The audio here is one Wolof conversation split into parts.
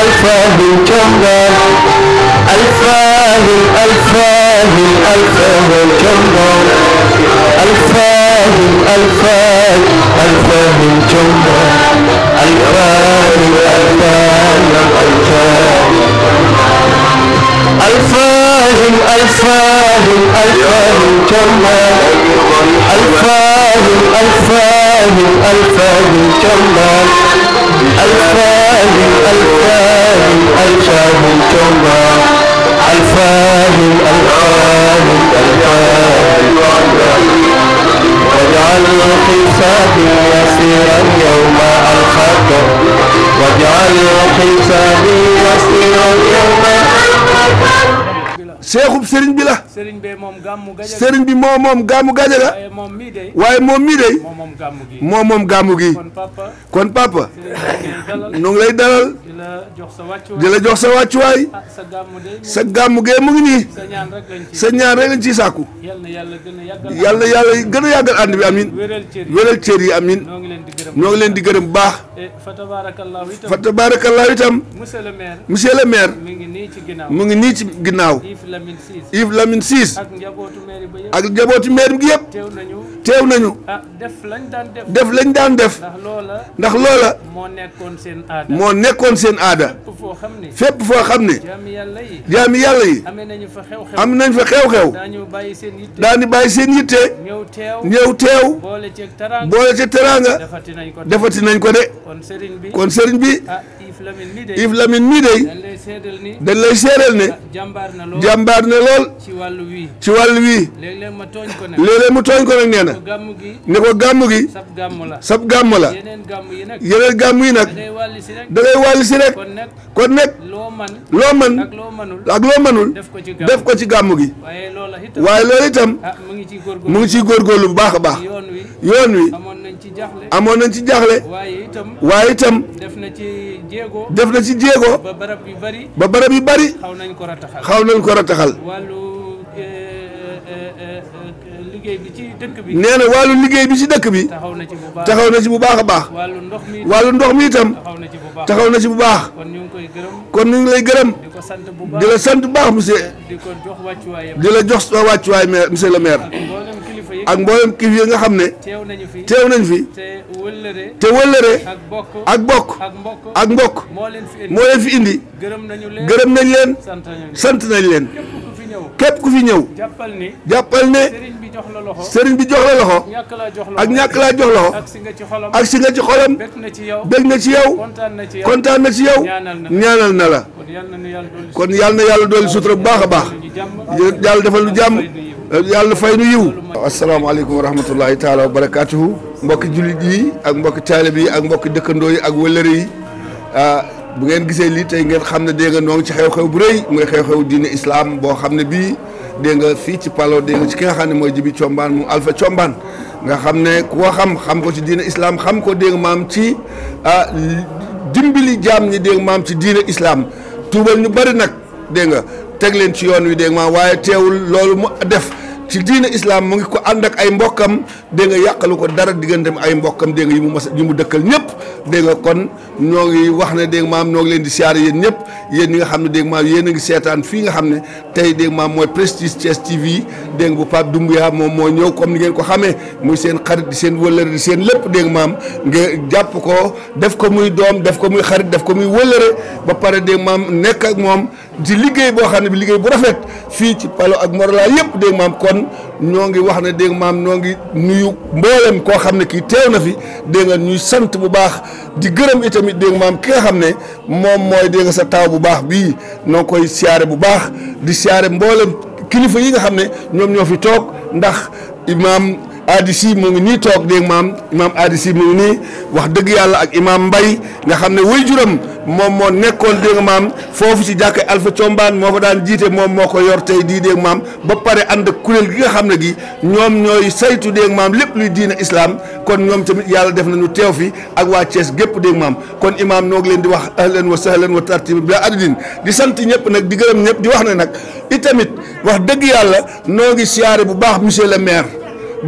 الفاهم كمل الفاهم الفاهم الفاهم كمل الفاهم الفاهم الفاهم كمل الفاهم الفاهم الفاهم الفاهم الفاهم الفاهم كمل الفاهم الفاهم الفاهم كمل الفاهم الفاهم الفاهم كما الفاهم bi la. sëriñ bi moom gàmmu gaje bi moom waaye moom mii de. moom moom moom gi. kon papa. kon lay dalal. di la jox sa wàccuwaay sa gàmmu gee mu ngi nii sa ñaan rek lañ ciy sàkku yàlla yàlla gën a yàggal ànd bi amin wéral cër yi amin ñoo ngi leen di gërëm bu baax eh, fa tabaarakallaahu itam monsieur le maire mu ngi nii ci ginnaaw Yves Lamine Cissé ak njabootu maire bi yëpp teew nañu ah, def lañ daan def ndax loola moo nekkoon seen seen aada fépp foo xam ne jaami yàlla yi am nañ fa xew-xew daani bàyyi seen yitte ñëw teew boole ci teraanga defati nañ ko de kon sëriñ bi ah, Yves Lamine mii day dañ lay seedeel ne jàmbaar na lool ci wàll wii léeg-léeg mu tooñ ko nag nee na ne ko gàmm gi sab gàmm la yeneen gàmm yi nag da wàll wàlli si rek kon nag loo man ak loo manul def ko ci gàmm gi waaye loolu itam ah, mu ngi ciy góorgóorlu bu baax baax yoon wi amoon nañ ci jaaxle waaye itam def na ci jéego def na ci jéego ba barab yu bari ba barab yu bari xaw nañ ko rataxal xaw nañ ko rataxal eh, eh, eh, nee na wàllu liggéey bi ci dëkk bi taxaw na ci bu baax a baax wàllu ndox mi itam taxaw na ci bu baax kon ñu ngi lay gërëm di la sant bu baax monsieur di la jox wàccuwaay monsieur le maire. ak mboolem ki yi nga xam ne teew nañ fi te wëllëre ak bokk ak mbokk moo leen fi indi gërëm nañ leen sant nañ leen képp ku fi ñëw jàppal ne sëriñ bi jox la loxo ak ñàkk laa jox loxo ak si nga ci xolam bég na ci yow kontaan na ci yow ñaanal na la kon yàlla na yàlla dooli sutura bu baax a baax yàlla defal jàmm yàlla fay nu yiw asalaamaaleykum wa rahmatullahi taala wa barakaatuhu mbokki jullit yi ak mbokki taalib yi ak mbokki dëkkandoo yi ak wëllëre yi ah, bu ngeen gisee lii tey ngeen xam ne dégg nga noo ci xew-xew bu rëy muy xew-xew diine islaam boo xam ne bii dégg nga fii ci palo dégg nga ci ki nga xam ne mooy jibi combaan mu alpha combaan nga xam ne ku ko xam xam ko ci diine islaam xam ko dégg nga maam ci ah, dimbali jaam ñi dégg nga maam ci diine islaam tuubal ñu bari nag dégg nga teg leen ci yoon wi dégg waaye teewul loolu mu def ci diine islaam mu ngi ko ànd ak ay mbokkam dégg nga yàqalu ko dara digganteem ay mbokkam dégg nga yi mu mas yi mu dëkkal ñëpp dégg nga kon ñoo ngi wax na dégg maam ñoo ngi leen di siyaare yéen ñëpp yéen ñi nga xam na dégg maam yéen a ngi seetaan fii nga xam ne tey dégg maam mooy Prestige Thiès TV dégg bu Pape Doumbia moom moo ñëw comme ni ngeen ko xamee muy seen xarit di seen wëllëre seen lépp dégg maam nga jàpp ko def ko muy doom def ko muy xarit def ko muy wëllëre ba pare dégg maam nekk ak moom di liggéey boo xam ne bi liggéey bu rafet fii ci Palo ak Morola yëpp dégg maam kon ñoo ngi wax ne dégg maam ñoo ngi nuyu mboolem koo xam ne kii teew na fi dégg nga ñuy sant bu baax di gërëm itamit dégg nga maam ki nga xam ne moom mooy dégg sa taaw bu baax bii noo koy siyaare bu baax di siyaare mboolem kilifa yi nga xam ne ñoom ñoo fi toog ndax imaam. aadi si mu ngi nii toog dégg maam imaam aadi si mu ngi nii wax dëgg yàlla ak imaam mbay nga xam ne way juram moom moo nekkoon dégg maam foofu ci jàkk alfa Combaan moo fa daan jiite moom moo ko yor tey di dégg maam ba pare ànd ak kuréel gi nga xam ne gi ñoom ñooy saytu dégg maam lépp luy diina islaam kon ñoom tamit yàlla def nañu teew fi ak waa cees gépp dégg maam kon imaam noo ngi leen di wax ahlan wa sahlan wa tartiba bila adadin di sant ñëpp nag di gërëm ñëpp di wax ne nag itamit wax dëgg yàlla noo ngi siyaare bu baax monsieur le maire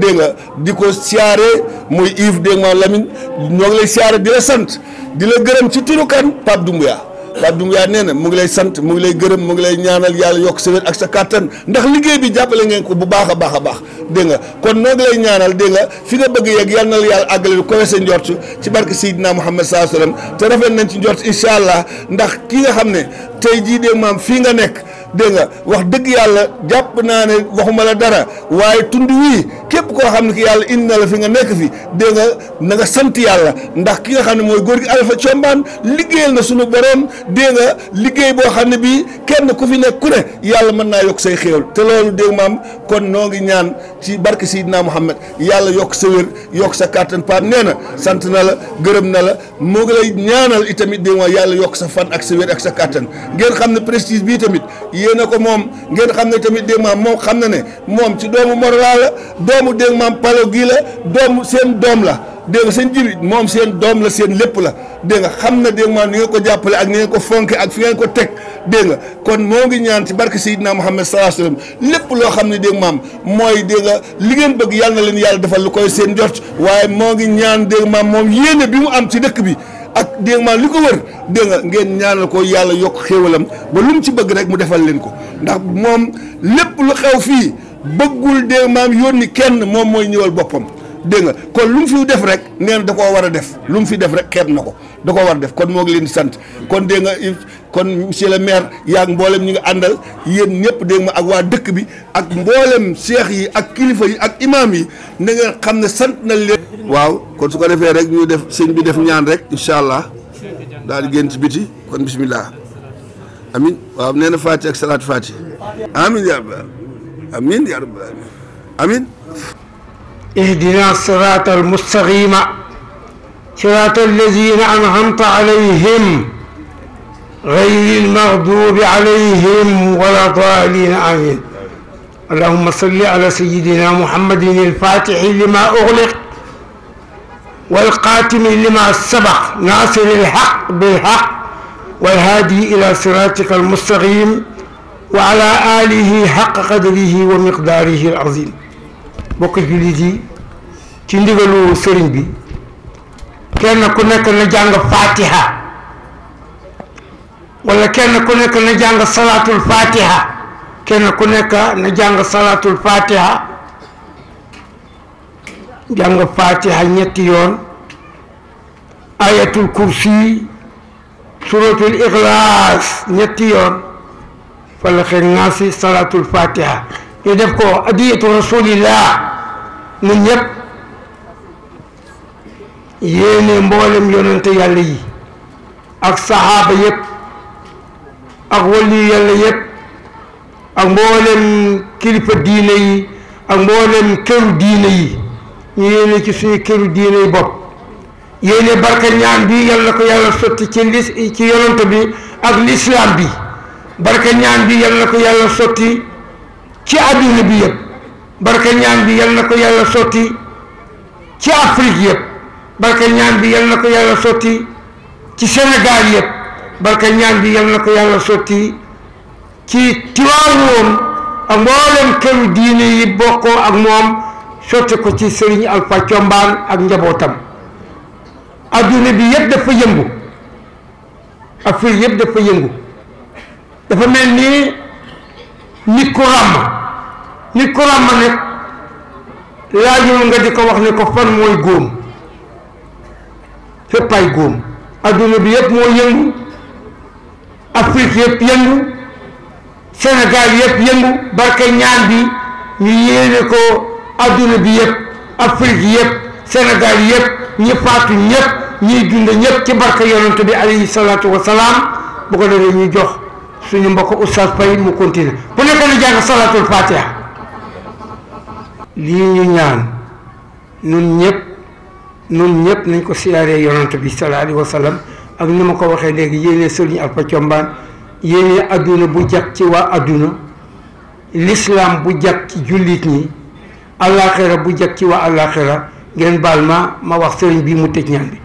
dégg nga di ko siyaare mooy Yves dégg nga Lamine ñoo ngi lay siyaare di la sant di la gërëm ci turu kan Pape Doumbouya Pape Doumbouya nee na mu ngi lay sant mu ngi lay gërëm mu ngi lay ñaanal yàlla yokk sa wér ak sa kàttan ndax liggéey bi jàppale ngeen ko bu baax a baax a baax dégg nga kon noo ngi lay ñaanal dégg nga fi nga bëgg yegg yal na la yàlla àggale lu kowe sa njort ci barke Seydina Muhammad saa sallam te rafet nañ ci njort incha allah ndax ki nga xam ne tey jii dégg maam fii nga nekk dégg nga wax dëgg yàlla jàpp naa ne waxuma la dara waaye tund wii képp koo xam ne ki yàlla na la fi nga nekk fi dégg nga na nga sant yàlla ndax ki nga xam ne mooy góor gi Alpha Thiombane liggéeyal na sunu borom dégg nga liggéey boo xam ne bii kenn ku fi nekk ne yàlla mën naa yokk say xéewal te loolu dégg maam kon noo ngi ñaan ci barke Seydina Muhammad yàlla yokk sa wér yokk sa kàttan paam nee na sant na la gërëm na la moo ngi lay ñaanal itamit dégg ma yàlla yokk sa fan ak sa wér ak sa kàttan ngeen xam ne prestige bii tamit yéen ko moom ngeen xam ne tamit dégg maam moom xam na ne moom ci doomu Morola la doomu dégg maam palo gii la doom seen doom la dégg nga seen jibi moom seen doom la seen lépp la dégg nga xam na dégg maam ni nga ko jàppale ak ni nga ko fonke ak fi ngeen ko teg dégg nga kon moo ngi ñaan ci barke Seydina Muhammad salaa sallam lépp loo xam ne dégg maam mooy dégg nga li ngeen bëgg yàlla na leen yàlla defal lu koy seen jot waaye moo ngi ñaan dégg maam moom yéene bi mu am ci dëkk bi ak dégg maam li ko wër dégg nga ngeen ñaanal ko yàlla yokk xéewalam ba lu mu ci bëgg rek mu defal leen ko ndax moom lépp lu xew fii bëggul dee maam yónni kenn moom mooy ñëwal boppam dégg nga kon lu mu fi def rek nee da koo war a def lu mu fi def rek xeeb na ko da koo war a def kon moo ngi leen di sant kon dégg nga kon monsieur le maire yaag mboolem ñi nga àndal yéen ñëpp dégg ma ak waa dëkk bi ak mboolem seex yi ak kilifa yi ak imaam yi na xam ne sant na leen. waaw kon su ko defee rek ñu def sëñ bi def ñaan rek incha allah daal di génn biti kon bisimilah amin nee na Faati ak salaatu Faati امين يا رب العالمين امين اهدنا الصراط المستقيم صراط الذين انعمت عليهم غير المغضوب عليهم ولا ضالين امين اللهم صل على سيدنا محمد الفاتح لما اغلق والقاتم لما سبق ناصر الحق بالحق والهادي الى صراطك المستقيم wa ala alihi xaq qadrihi wa miqdaarihi al azim bokk jullit yi ci ndigalu sëriñ bi kenn ku nekk na jàng fatiha wala kenn ku nekk na jàng salaatul fatiha kenn ku nekk na jàng salaatul fatiha jàng fatiha ñetti yoon ayatul kursi suratul ixlaas ñetti yoon fala xeer naasi salaatul fatiha ñu def ko adiyatu rasulillah ñun ñëpp yéene mboolem yonente yàlla yi ak sahaaba yëpp ak waliyu yàlla yëpp ak mboolem kilifa diine yi ak mboolem këru diine yi ñu ci suñu këru diine yi bopp barka ñaan bi yàlla ko yàlla sotti ci lis bi ak l'islam bi barke ñaan bi yal na ko yàlla sotti ci àdduna bi yëpp barke ñaan bi yal na yàlla sotti ci Afrique yëpp barke ñaan bi yal na ko yàlla sotti ci Sénégal yëpp barke ñaan bi yal na ko yàlla sotti ci Tiwaawoon ak mboolem këru diine yi bokkoo ak moom sotti ko ci Serigne Alpha Combaan ak njabootam àdduna bi yëpp dafa yëngu Afrique yëpp dafa yëngu dafa mel ni nit ku ràmm nit ku ràmm nag laajul nga di ko wax ne ko fan mooy góom fépp ay góom adduna bi yëpp moo yëngu Afrique yëpp yëngu Sénégal yëpp yëngu barke ñaan bi ñu yéene ko adduna bi yëpp Afrique yëpp Sénégal yëpp ñi faatu ñëpp ñiy dund ñëpp ci barke yonent bi alayhi salaatu wa salaam bu ko defee ñuy jox. suñu mbokk oustaz Paye mu continue bu nekk lu jàng salatul fatiha lii ñu ñaan nun ñëpp nun ñëpp nañ ko siyaaree yonant bi sallallahu alayhi ak ni ma ko waxee léegi yéene sëriñ Alpha Combaan yéene adduna bu jag ci waa adduna l'islam bu jag ci jullit ñi àllaaxira bu jag ci waa àllaaxira ngeen baal ma ma wax sëriñ bi mu tëj ñaan bi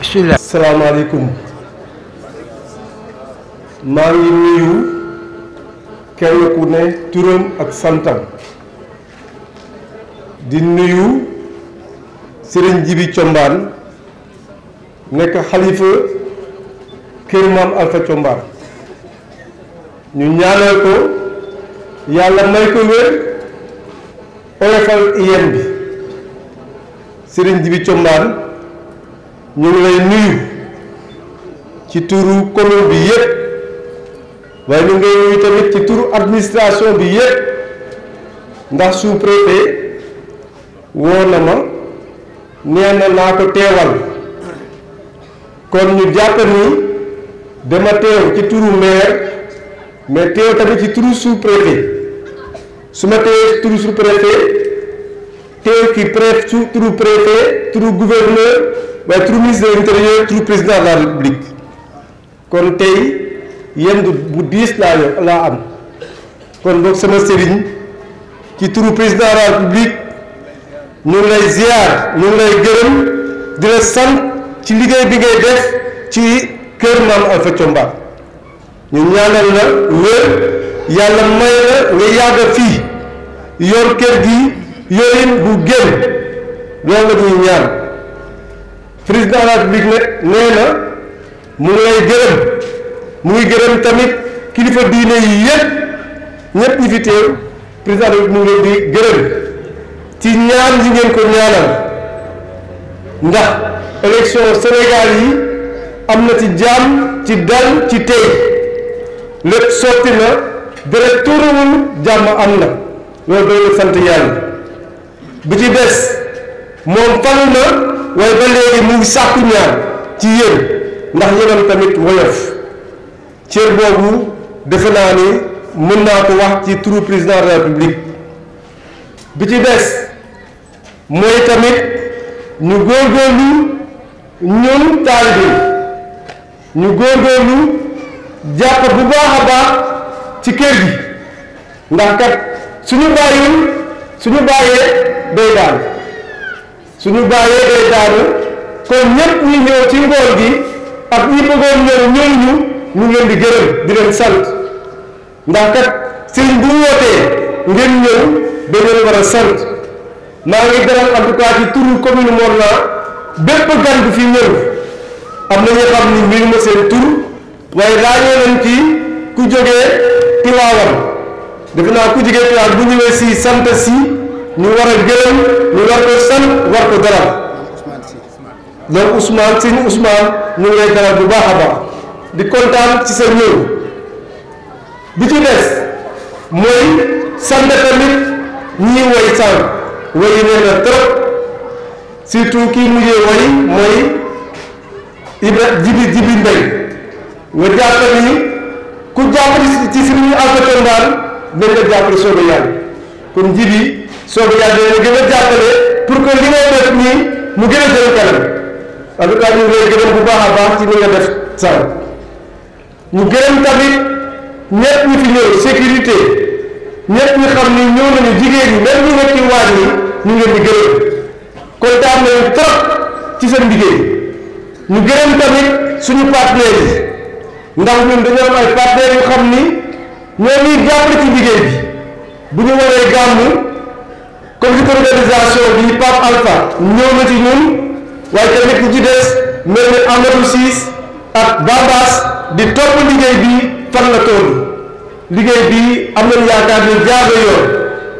bismillah asalaamaaleykum maa ngi nuyu kenn ku ne turam ak santam di nuyu sëriñ Jibi Combaan nekk xalifa kër maam Alpha Combaan ñu ñaanal ko yàlla may ko wér oyofal yéen bi sëriñ Jibi Combaan ñu ngi lay nuyu ci turu commune bi yépp waaye ñu ngi nuyu tamit ci turu administration bi yépp ndax sous-préfet woo na ma nee na naa ko teewal kon ñu jàpp ni dama teew ci turu maire mais teew tamit ci turu sous-préfet su ma teew ci turu sous-préfet teew ci préf su turu préfet turu gouverneur waaye turu ministre de l'intérieur turu président de la république kon tey yendu bu diis laa laa am kon boog sama sëriñ ci turu président de la république ñu lay ziar ñu ngi lay gërëm di la ci liggéey bi ngay def ci kër maam Alpha Thiomba ñu ñaanal la wér yàlla may la nga yàgg fii yor kër gi yorin bu génn loolu la ñaan président de la république nee na mu ngi gërëm mu ngi gërëm tamit kilifa diine yi yëpp ñëpp ñi fi teew président mu ngi di gërëm ci ñaan yi ngeen ko ñaanal ndax élection Sénégal yi am na ci jàmm ci dal ci tey lépp sotti na deret tuuruwul jàmm am na loolu doon sant yàlla bi ci des moom falu na waaye ba léegi sàkku ñaan ci yéen ndax yéenam tamit woyof cër boobu defe naa ni mën naa ko wax ci turu président de la république bi ci des mooy tamit ñu góorgóorlu ñun taalibe ñu góorgóorlu jàpp bu baax a baax ci kër gi ndax kat suñu bàyyiwul suñu bàyyee day daanu suñu bàyyee day daanu kon ñëpp ñu ñëw ci ngoor gi ak ñi bëggoon ñëw ñëw ñu ñu ngeen leen di gërëm di leen sant ndax kat sëriñ bu wootee ngeen ñëw da ngeen war a sant maa ngi dalal en tout cas ci turu commune bépp gan bu fi ñëw am na ñoo ni mbir ma seen tur waaye ràññee nañ ci ku jógee Tiwaawan defe naa ku jógee Tiwaawan bu ñëwee si sant si ñu war a gërëm ñu war ko sant war ko dalal donc Ousmane sëñ Ousmane ñu ngi lay bu baax a baax. di kontaan ci sa ñëw bi ci des mooy sant tamit ñi woy sànq woy nee na trop surtout kii mujjee woy mooy Ibra Jibi Jibi Mbay nga jàpp ni ku jàpp ci suñu Alpha Ndane dañ nga jàppale sooba yàlla kon Jibi sooba yàlla dina gën a jàppale pour que li ngay def nii mu gën a jëm kanam en tout cas ñu ngi lay gërëm bu baax a baax ci li nga def sànq. ñu gërëm tamit ñëpp ñu fi ñëw sécurité ñëpp ñu xam ni ñëw nañu jigéen ñi même ñu nekk ci waaj yi ñu ngeen leen di gërëm kontaan nañu trop ci seen liggéey ñu gërëm tamit suñu partenaires yi ndax ñun dañoo am ay partenaires yu xam ni ñoo ñuy jàppale ci liggéey bi bu ñu waree gàmmu comité d'organisation bi Pape Alpha ñëw na ci ñun waaye tamit ku ci des mel ni Amadou Ciss ak Babas di topp liggéey bi fan la toll liggéey bi am nañu yaakaar ne jaar na yoon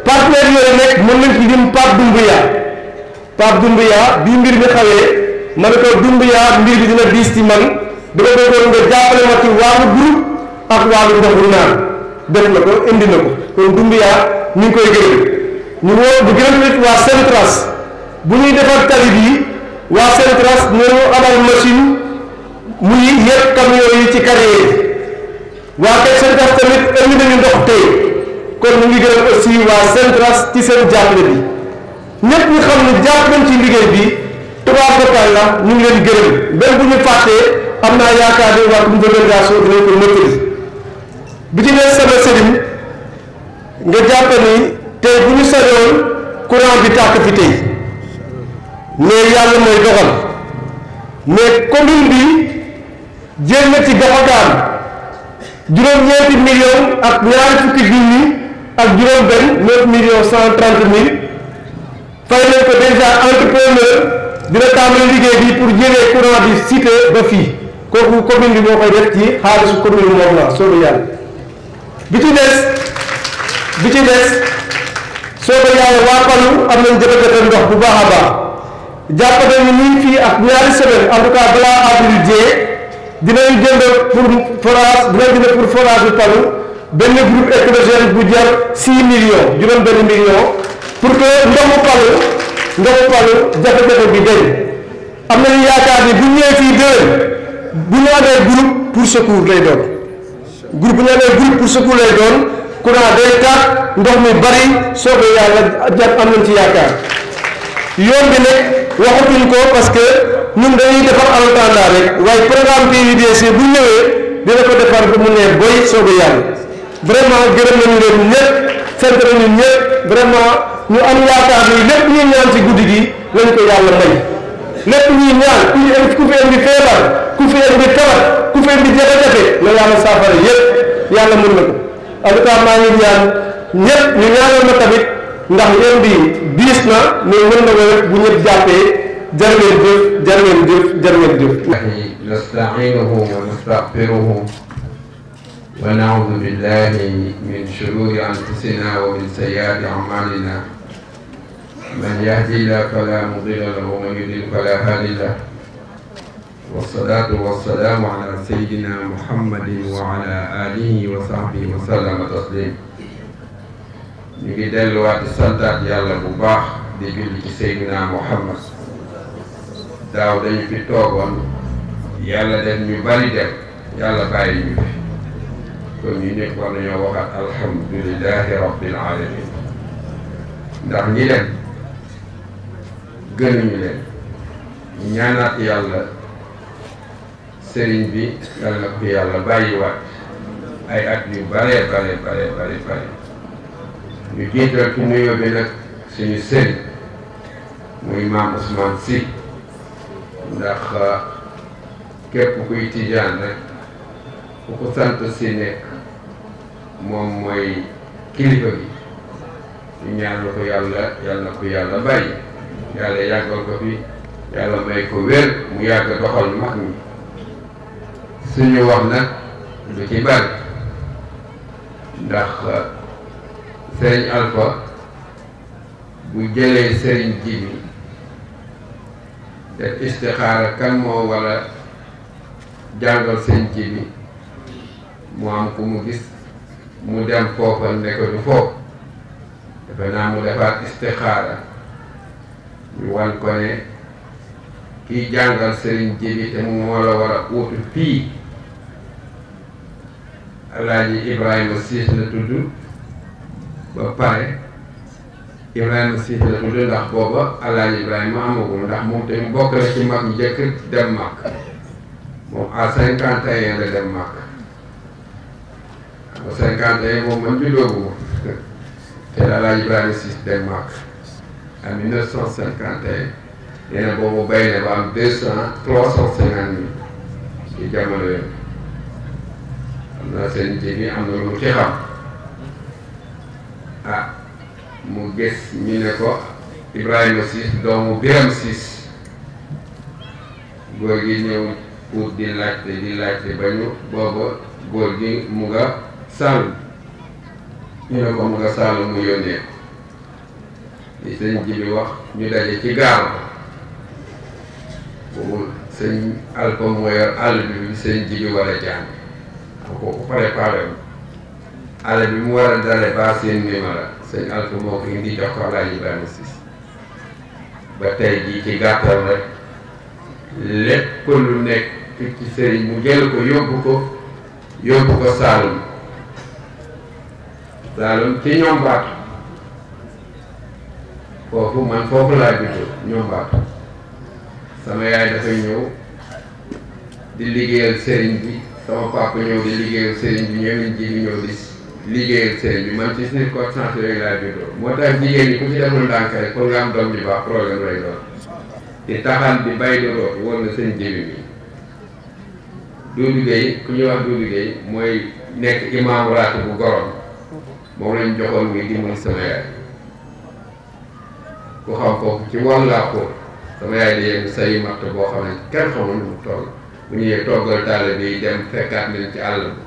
partenaire yooyu nekk mën nañ ci lim Pape Doumbouya Pape Doumbouya bii mbir mi xawee ma ne ko Doumbouya mbir bi dina diis ci man dama bëggoon nga jàppale ma ci wàllu groupe ak wàllu ndox bu naan def na ko indi na ko kon Doumbouya ñu ngi koy gërëm ñu woo bu gërëm nit waa Sentrace bu ñuy defar tali bi waa Sentrace ñoo amal machine muy yépp camion yi ci carrière waa Kër Santas tamit indi nañu ndox tey kon ñu ngi gërëm aussi waa Centras ci seen jàppale bi ñëpp ñu xam ne jàpp nañ ci liggéey bi Touba Fapal la ñu ngi leen gërëm même bu ñu fàttee am naa yaakaar ne waa comité d'organisation dinañ ko mottali bi ci des sama sëriñ nga jàpp ni tey bu ñu sañoon courant bi tàkk fi tey mais yàlla mooy doxal mais commune bi. jël na ci Gaxataan juróom-ñeenti million ak ñaari fukki junni ak juróom-benn neuf millions cent trente mille fay nañ ko déjà entrepreneur dina tàmbali liggéey bi pour jëlee courant bi cité ba fii kooku commune bi moo koy def ci xaalisu commune bi moom la soobu yàlla bi ci des bi ci des soobu yàlla waa Palu am nañ jafe-jafe ndox bu baax a baax jàpp nañu ni fii ak ñaari semaine en tout cas jee dinañ jënd pour forage dinañ jënd pour forage bi Palu benn groupe écologiste bu jar 6 millions juróom benn million pour que ndoxu Palu ndoxu Palu jafe-jafe bi dañ am nañu yaakaar ni bu ñëwee fii bu ñu amee groupe pour secours lay doon groupe bu ñu amee groupe pour secours lay doon courant day tax ndox mi bari soobee yàlla jàpp am nañ ci yaakaar yoon bi nag waxatuñ ko parce ñun dañuy defar alxuraan rek waaye programme PUDC bu ñëwee dina ko defar bu mu ne boy soo a yàlla vraiment gërëm nañu leen ñëpp sant nañu vraiment ñu am yaakaar ni ci guddi gi lañ ko yàlla may lépp ñuy ñaan ku fi ku fi indi feebar ku fi indi tawat ku fi indi jafe-jafe la yàlla saafara yëpp yàlla mën na ko en tout cas maa ngi ñaan ñëpp ñu ñaanal ma tamit ndax yéen bi diis na mais mën na bu ñëpp jàppee. jërëjëf jërëjëf jërëjëf jërëjëf نستعينه ونستغفره ونعوذ بالله من شرور أنفسنا ومن سيئات أعمالنا من يهدي الله فلا مضل له ومن يضلل فلا هادي له والصلاة والسلام على سيدنا محمد وعلى آله وصحبه وسلم تسليم نجد الوقت delluwaat di santaat yàlla دي baax di daaw dañu fi toogoon yàlla def ñu bari dem yàlla bàyyi ñu fi kon ñu nekk war nañoo waxaat alhamdulilahi rabbil alamin ndax ñi dem gënuñu leen ñaanaat yàlla sëriñ bi yàlla ko yàlla bàyyiwaat ay at yu bare bare bare bare ñu jiital ci nuyoo bi nag suñu sëriñ muy maam Ousmane Sy ndax uh, képp kuy tijaan rek ku ko santa si nekk moom mooy kilifa gi ñu ñaan ko yàlla yàlla ko yàlla bàyyi yàlla yàggal ko fi yàlla may ko wér mu yàgg doxal mag ñi suñu wax nag lu ci bari ndax uh, sëriñ Alpha bu jëlee sëriñ Jibi def istixaara kan moo war a jàngal sëñ mu am ku mu gis mu dem foofa ne ko du foofu defe naa mu defaat istixaara ñu wan ko ne kiy jàngal sëriñ ji te mu war a war a uutu fii alaaji Ibrahima siis la ba pare Ibrahima Cissé la ndax booba Alaaji Ibrahima amagum ndax moom tamit bokk na ci mag njëkk dem màkk moom à cinquante et la dem màkk à cinquante et moom man juddoogu te Alaaji Ibrahima Cissé dem màkk à mille neuf cent cinquante et un nee boobu bay ne ba am deux cent trois cent cinquante mille ci jamono yooyu xam naa seen jéggi mu ci mu gis ñu ne ko Ibrahima Ciss doomu Biram Ciss góor gi ñëw pour di laajte di ba ñu booba góor gi mu nga Saalum ñu ne ko mu nga mu yónnee ko li ji bi wax ñu daje ci gaal boobu sëñ alpa moo yor àll bi sëñ ji bi war a jàng kooku préparé wu àll bi mu war a dale ba seen numéro sëñ Alpha moo ko indi jox ko Alaaji Ibrahima Ciss ba tey jii ci gàttal rek lépp lu nekk ci sëriñ mu jël ko yóbbu ko yóbbu ko Saalum Saalum ci ñoom man foofu laa juddoo ñoom baatu sama yaay dafa ñëw di liggéeyal sëriñ bi sama papa ñëw di liggéeyal sëriñ bi ñëwin ji bi ñëw liggéeyal sëriñ bi man ci circonstance yooyu laa juddoo moo tax jigéen ñi ku ci deful ndànk rek nga am doom ju baax problème lay doon di taxal di bay di root na seen jibi mi Doudou Gueye ku ñuy wax Doudou Gueye mooy nekk imaamu raatu bu gorom moom lañ joxoon muy di sama yaay ku xam foofu ci wàllu làkkoor sama yaay di yegg sayu matt boo xam ne kenn xamul mu toll bu ñëwee toggal taale bi dem fekkaat nañ ci àll bi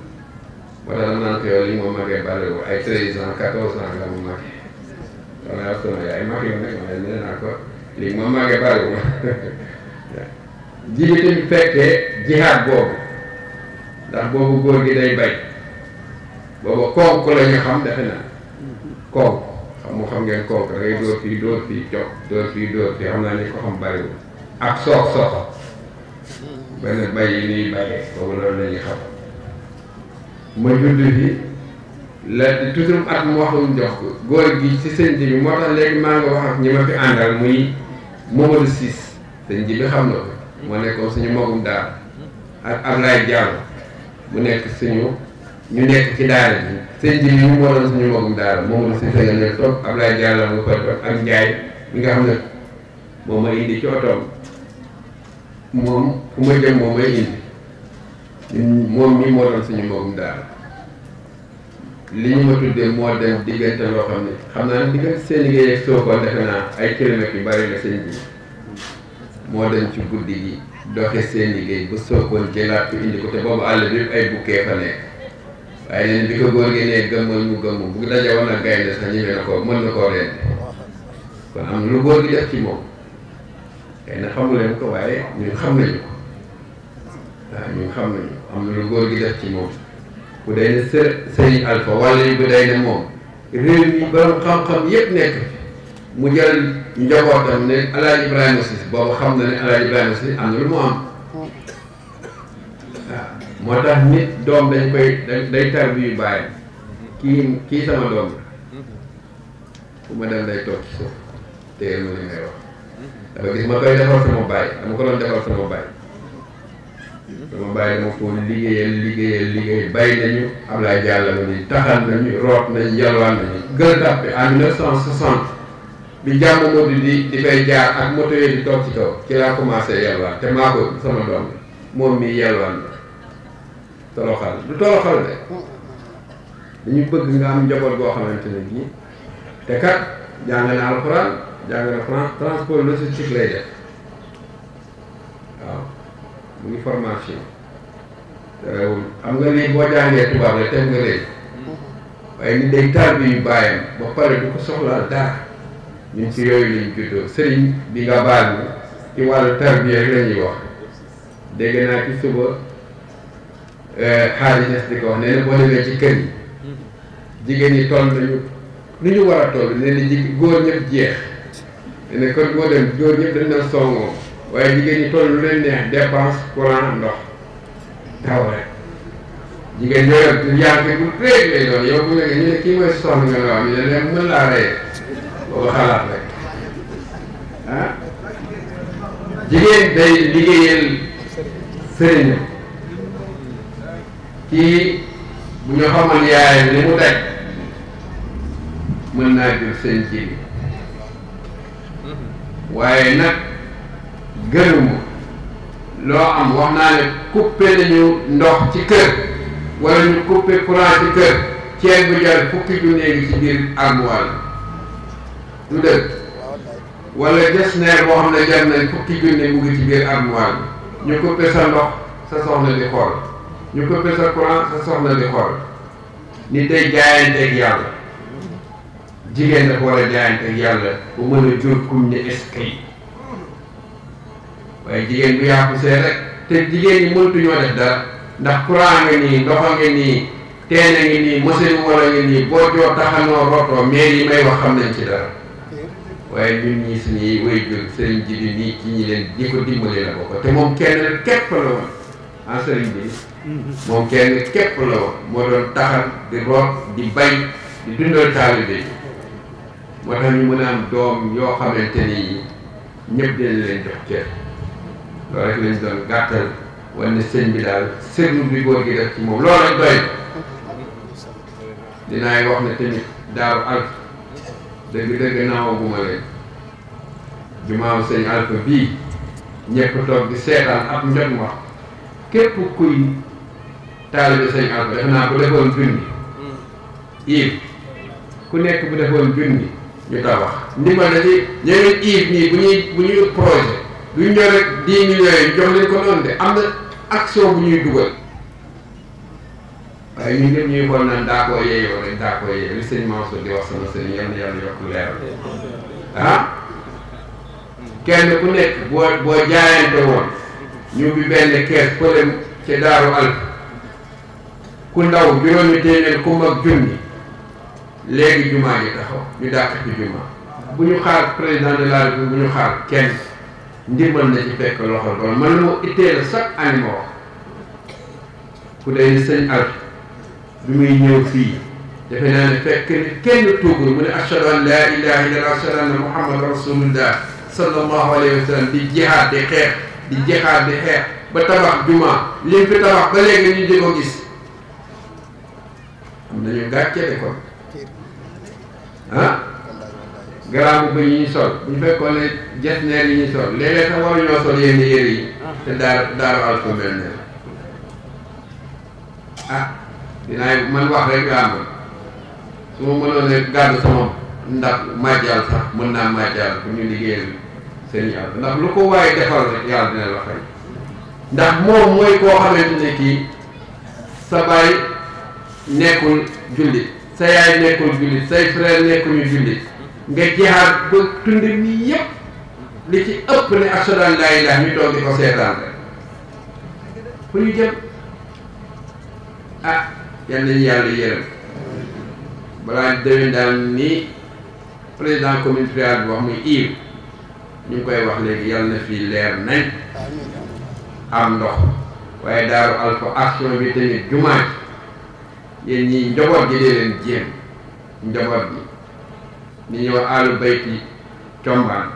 wala Nantew li ma magee bariwul ay treize ans quatorze ans la ma magee wala yaa sama yaay mag yow nag waaye nee naa ko li ma magee bariwul jibi tamit fekkee jihaat boobu ndax boobu góor gi day bay boobu konk la ñu xam defe naa konk xam mu xam ngeen konk da ngay dóor fii dóor fii cog dóor fii dóor fii xam naa ni ko xam bariwul ak soox soox benn bay yi ñuy bayee boobu loolu ma judd fi la toujours at mu wax jox ko góor gi ci sëñ bi moo tax léegi maa ngi wax ak ñi ma fi àndal muy Momadou Ciss sëñ ji xam na ko moo nekkoon suñu magum daara ak Ablaye Diallo mu nekk suñu ñu nekk ci daara bi sëñ ji bi moo doon suñu magum daara Momadou la nekk nga koy ak Ndiaye mi nga xam ne moom ma indi ci otoom moom fu ma jëm moom may indi moom mii moo doon suñu magum daara li ñu ma tuddee moo dem diggante loo xam ne xam naa diggante seen liggéey ak soo ko defe naa ay kilomètres yu bari la seen bi moo dem ci guddi gi doxe seen liggéey ba sookoon jëlaat ko indi ko te boobu àll bi yëpp ay bukkee fa nekk waaye neen bi ko góor gi nee gëmmal mu gëmmu bu daje woon ak gaynde sax ñëwee na ko mën na koo reen kon am na lu góor gi def ci moom kay na ko waaye ñun xam nañu ko ñun xam nañu am na lu góor gi def ci moom bu day ne së sëriñ Alpha wala yu bu day ne moom réew mi xam-xam yépp nekk mu jël njabootam ne Alaaji Ibrahima Si boobu xam na ne Alaaji Ibrahima Si am na lu mu am moo tax nit doom dañ koy day tar bi yu bàyyi kii kii sama doom fu ma dem day toog ci suuf téye ma may wax dafa gis ma koy defar sama bàyyi dama ko doon defar sama bàyyi dama bàyyi ma ko liggéeyal liggéeyal liggéey bay nañu Ablaye Diallo ma ni taxal nañu root nañu yalwaan nañu gën dàpp en 1960 bi jàmm moo di di di fay jaar ak moto yi di toog ci kaw ci laa commencé yalwaan te maa ko sama doom la moom mii yalwaan la toloxal du toloxal de dañu bëgg nga am njaboot goo xamante ne bii te kat jàng na alxuraan jàng na France transport logistique lay def waaw mu ngi formation xam nga lii boo jàngee tubaab la teel nga léegi waaye nit day bi yu bàyyam ba pare du ko soxlaal dara ñun si yooyu lañ juddoo sëriñ bi nga baal mi ci wàllu tarbiya rek la ñuy wax dégg naa ci suba euh, xaalis ko wax nee na boo demee ci kër yi jigéen ñi toll nañu nu ñu war a toll nee na jigéen góor ñëpp jeex nee na kon boo dem góor waaye jigéen ñi toll lu leen neex dépense courant ndox taw rek jigéen ñoo yaate bu réeg lay doon yow bu ñu ñu ne kii mooy ne leen mën laa rey boobu xalaat rek ah jigéen day liggéeyal sëriñ kii bu ñu xamal yaayam li mu daj mën naa jur seen ji mm-hmm. waaye nag gërëm loo am wax naa ne coupé nañu ndox ci kër wala ñu coupé courant ci kër ceeb bu jar fukki junne yi ci biir armoire du dëgg wala des boo xam ne jar nañ fukki junne mu ngi ci biir armoire ñu coupé sa ndox sa soxna di xool ñu coupé sa courant sa soxna di xool ni day jaayanteeg yàlla jigéen dafa war a jaayanteeg yàlla bu mën a jur kum ne eskay waaye jigéen bu yàqu see rek te jigéen ñi mëntu ñoo def dara ndax courant nga nii ndox nga nii teen a ngi nii machine wala nga nii boo joo taxanoo rootoo maire yi may wax xam nañ ci dara waaye ñun ñii suñuy way jóg sëriñ ji nii ci ñi leen di ko dimbali la bokk te moom kenn képp la woon en ah, sëriñ bi moom kenn képp la woon moo doon taxan di root di bay di dundal taalibe moo tax ñu mën a am doom yoo xamante ni ñëpp dañ leen jox cër loolu rek lañ doon gàttal wane sëñ bi daal sëglu bi góor gi def ci moom loolu rek doy dinaay wax ne tamit daaw alf dëgg-dëgg naawaguma leen jumaaw sëñ alfa bii ñëpp toog di seetaan ab njot wax képp kuy taalibe sëñ alfa def naa bu defoon junni iib ku nekk bu defoon junni ñu tabax ndimbal na ci ñeneen iib bu ñuy bu duñ ñëw rek dix millions yi jox leen ko noonu de am na action bu ñuy dugal waaye ñun ñëpp ñuy xool naan daa koo yeeyoo rek daa koo wax sama sëñ yal na yokk leeral ah kenn ku nekk boo boo jaayante woon ñu bi benn kees problème ci daaru alf ku ndaw juróomi téeméer ku mag junni léegi jumaa ji taxaw ñu dàq ci jumaa bu ñu xaar président de la bu ñu xaar kenn ndimbal na ci fekk loxo doon man lu ma ittee la chaque année ma wax ku day sëñ Alf bi muy ñëw fii defe naa ne fekk ni kenn tuugul mu ne ashhadu an laa ilaha illallah ashhadu anna muhammad rasulullah sallallahu alayhi wa sallam di jihaad di xeex di jihaad di xeex ba tabax juma lim fi tabax ba léegi ñu di ko gis am nañu gàcce de kon ah garaam bu ñuy sol bu ñu fekkoon ne jet neer yi ñuy sol léeg-léeg sax sol yenn yére yi te daar daaru alko mel ne ah dinaay man wax rek laa am su ma mënoon ne gàddu sama ndax màjjal sax mën naa màjjal bu ñu liggéeyal seen yàlla ndax lu ko waaye defal yàlla dina la fay ndax moom mooy koo xamante ne kii sa baay nekkul jullit sa yaay nekkul jullit say frère nekkuñu jullit nga jihaad ba tund mi yëpp li ci ëpp ne ashhadu an laa ilaaha ñu toog di ko seetaan rek fu ñu jëm ah yal nañu yàlla yërëm balaa déwén daal nii président commune rurale wax muy Yves ñu ngi koy wax léegi yàlla na fii leer nañ am ndox waaye daaru alfa action bi tamit jumaa yéen ñii njaboot gi leen jéem njaboot gi ni ñuy wax aalu bayt yi combaan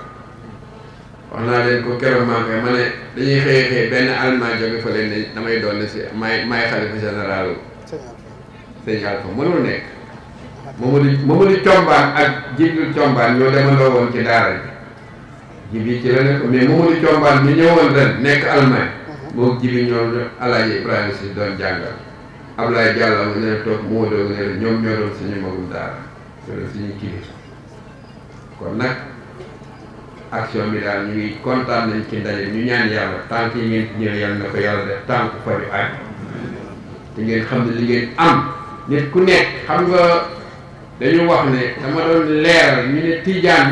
wax naa leen ko keroog maa koy ma ne dañuy xëy xëy benn almaa jóge fa leen ne damay doon ne si maay maay xalifa général sëñ Alpha ji jibi ci la nekk mais uh-huh. doon jàngal Ablaye Diallo mu ne toog moo doon ne ñoom ñoo doon suñu magum daara ñoo doon suñu kilifa kon nag action bi daal ñu ngi kontaan nañ ci ndaje ñu ñaan yàlla tànk yi ngeen ñëwee yàlla na ko yàlla def tànk faju aj te ngeen xam ne li ngeen am nit ku nekk xam nga dañu wax ne dama doon leeral ñu ne tiijaan